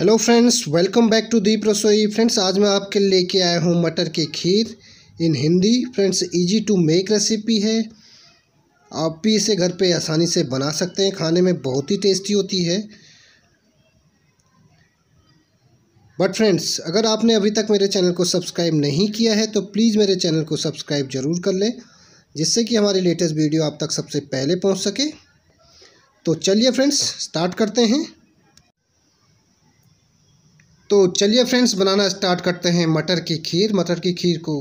hello friends welcome back to Deep Rasoi friends आज मैं आपके लेके आया हूँ मटर की खीर in Hindi friends easy to make recipe है आप भी इसे घर पे आसानी से बना सकते हैं खाने में बहुत ही टेस्टी होती है बट फ्रेंड्स अगर आपने अभी तक मेरे चैनल को सब्सक्राइब नहीं किया है तो प्लीज़ मेरे चैनल को सब्सक्राइब ज़रूर कर लें जिससे कि हमारी लेटेस्ट वीडियो आप तक सबसे पहले पहुँच सके तो चलिए फ्रेंड्स स्टार्ट करते हैं तो चलिए फ्रेंड्स बनाना स्टार्ट करते हैं मटर की खीर मटर की खीर को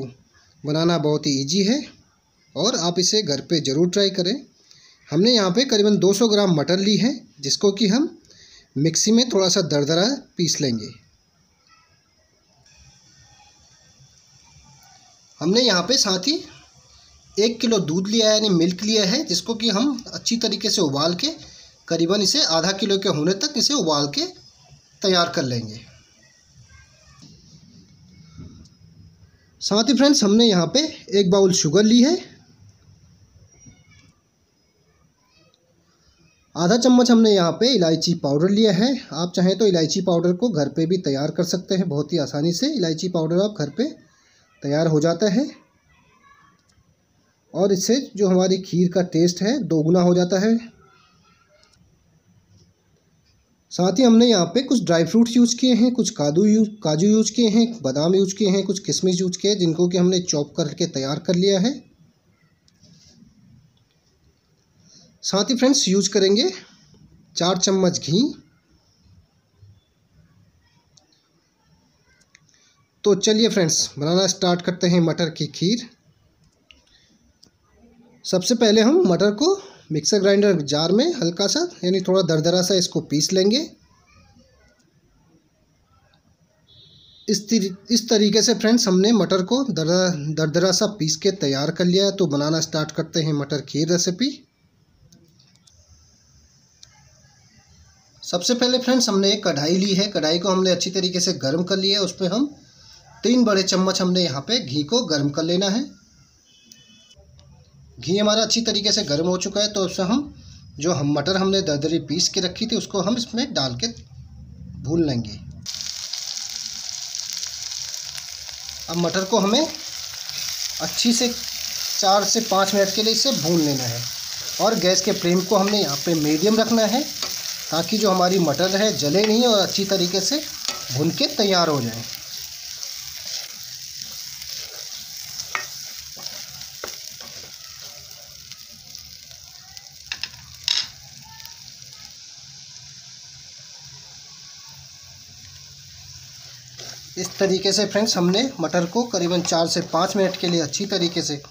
बनाना बहुत ही ईजी है और आप इसे घर पे ज़रूर ट्राई करें हमने यहाँ पे करीबन 200 ग्राम मटर ली है जिसको कि हम मिक्सी में थोड़ा सा दरदरा पीस लेंगे हमने यहाँ पे साथ ही एक किलो दूध लिया है यानी मिल्क लिया है जिसको कि हम अच्छी तरीके से उबाल के करीबन इसे आधा किलो के होने तक इसे उबाल के तैयार कर लेंगे साथ ही फ्रेंड्स हमने यहाँ पे एक बाउल शुगर ली है आधा चम्मच हमने यहाँ पे इलायची पाउडर लिया है आप चाहें तो इलायची पाउडर को घर पे भी तैयार कर सकते हैं बहुत ही आसानी से इलायची पाउडर आप घर पे तैयार हो जाता है और इससे जो हमारी खीर का टेस्ट है दोगुना हो जाता है साथ ही हमने यहाँ पे कुछ ड्राई फ्रूट्स यूज किए हैं कुछ कादू यूज काजू यूज किए हैं बादाम यूज किए हैं कुछ किशमिश यूज किए हैं जिनको कि हमने चॉप करके तैयार कर लिया है साथ ही फ्रेंड्स यूज करेंगे चार चम्मच घी तो चलिए फ्रेंड्स बनाना स्टार्ट करते हैं मटर की खीर सबसे पहले हम मटर को मिक्सर ग्राइंडर जार में हल्का सा यानी थोड़ा दरदरा सा इसको पीस लेंगे इस इस तरीके से फ्रेंड्स हमने मटर को दरदरा दरदरा सा पीस के तैयार कर लिया है तो बनाना स्टार्ट करते हैं मटर खीर रेसिपी सबसे पहले फ्रेंड्स हमने एक कढ़ाई ली है कढ़ाई को हमने अच्छी तरीके से गर्म कर लिया है उस पर हम तीन बड़े चम्मच हमने यहाँ पे घी को गर्म कर लेना है घी हमारा अच्छी तरीके से गर्म हो चुका है तो उसमें हम जो हम मटर हमने दरदरी पीस के रखी थी उसको हम इसमें डाल के भून लेंगे अब मटर को हमें अच्छी से चार से पाँच मिनट के लिए इसे भून लेना है और गैस के फ्लेम को हमने यहाँ पे मीडियम रखना है ताकि जो हमारी मटर है जले नहीं और अच्छी तरीके से भून के तैयार हो जाए इस तरीके से फ्रेंड्स हमने मटर को करीबन चार से पाँच मिनट के लिए अच्छी तरीके से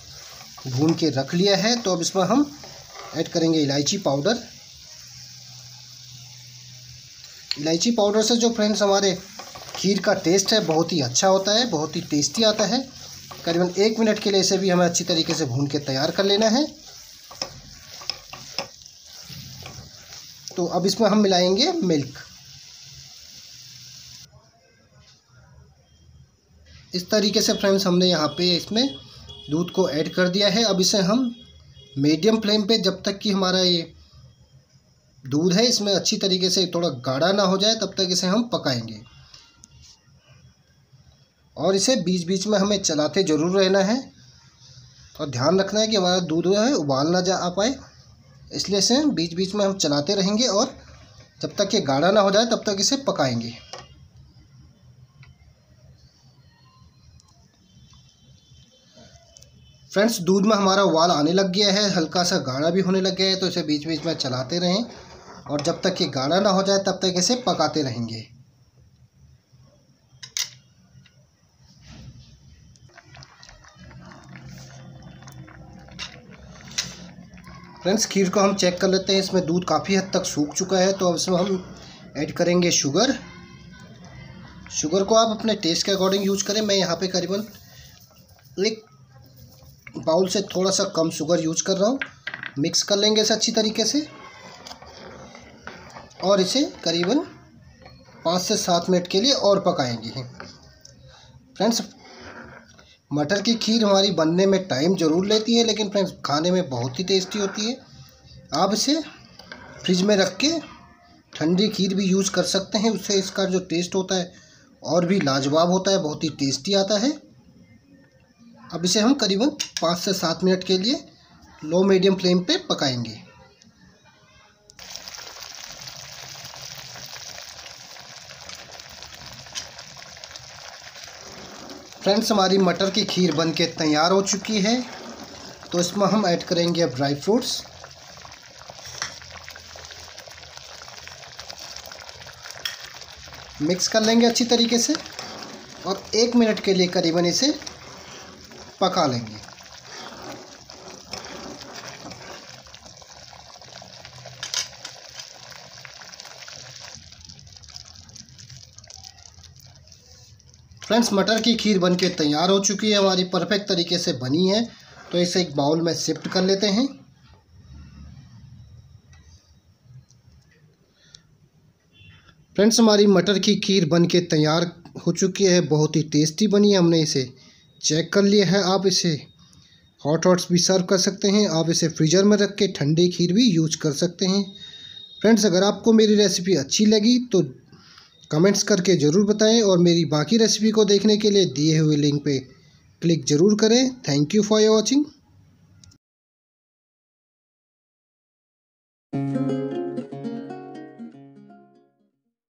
भून के रख लिया है तो अब इसमें हम ऐड करेंगे इलायची पाउडर इलायची पाउडर से जो फ्रेंड्स हमारे खीर का टेस्ट है बहुत ही अच्छा होता है बहुत ही टेस्टी आता है करीबन एक मिनट के लिए इसे भी हमें अच्छी तरीके से भून के तैयार कर लेना है तो अब इसमें हम मिलाएंगे मिल्क इस तरीके से फ्रेंड्स हमने यहाँ पे इसमें दूध को ऐड कर दिया है अब इसे हम मीडियम फ्लेम पे जब तक कि हमारा ये दूध है इसमें अच्छी तरीके से थोड़ा गाढ़ा ना हो जाए तब तक इसे हम पकाएंगे और इसे बीच बीच में हमें चलाते ज़रूर रहना है और ध्यान रखना है कि हमारा दूध जो है उबाल ना जा आ पाए इसलिए इसे बीच बीच में हम चलाते रहेंगे और जब तक ये गाढ़ा ना हो जाए तब तक इसे पकाएंगे फ्रेंड्स दूध में हमारा उबाल आने लग गया है हल्का सा गाढ़ा भी होने लग गया है तो इसे बीच बीच में चलाते रहें और जब तक ये गाढ़ा ना हो जाए तब तक इसे पकाते रहेंगे फ्रेंड्स खीर को हम चेक कर लेते हैं इसमें दूध काफ़ी हद तक सूख चुका है तो अब इसमें हम ऐड करेंगे शुगर शुगर को आप अपने टेस्ट के अकॉर्डिंग यूज करें मैं यहाँ पे करीबन एक बाउल से थोड़ा सा कम शुगर यूज कर रहा हूँ मिक्स कर लेंगे इसे अच्छी तरीके से और इसे करीबन पाँच से सात मिनट के लिए और पकाएंगे फ्रेंड्स मटर की खीर हमारी बनने में टाइम ज़रूर लेती है लेकिन फ्रेंड्स खाने में बहुत ही टेस्टी होती है आप इसे फ्रिज में रख के ठंडी खीर भी यूज़ कर सकते हैं उससे इसका जो टेस्ट होता है और भी लाजवाब होता है बहुत ही टेस्टी आता है अब इसे हम करीबन पाँच से सात मिनट के लिए लो मीडियम फ्लेम पे पकाएंगे फ्रेंड्स हमारी मटर की खीर बन के तैयार हो चुकी है तो इसमें हम ऐड करेंगे अब ड्राई फ्रूट्स मिक्स कर लेंगे अच्छी तरीके से और एक मिनट के लिए करीबन इसे पका लेंगे फ्रेंड्स मटर की खीर बनके तैयार हो चुकी है हमारी परफेक्ट तरीके से बनी है तो इसे एक बाउल में शिफ्ट कर लेते हैं फ्रेंड्स हमारी मटर की खीर बनके तैयार हो चुकी है बहुत ही टेस्टी बनी है हमने इसे चेक कर लिया है आप इसे हॉट हॉट्स भी सर्व कर सकते हैं आप इसे फ्रीजर में रख के ठंडे खीर भी यूज कर सकते हैं फ्रेंड्स अगर आपको मेरी रेसिपी अच्छी लगी तो कमेंट्स करके ज़रूर बताएं और मेरी बाकी रेसिपी को देखने के लिए दिए हुए लिंक पे क्लिक ज़रूर करें थैंक यू फॉर वॉचिंग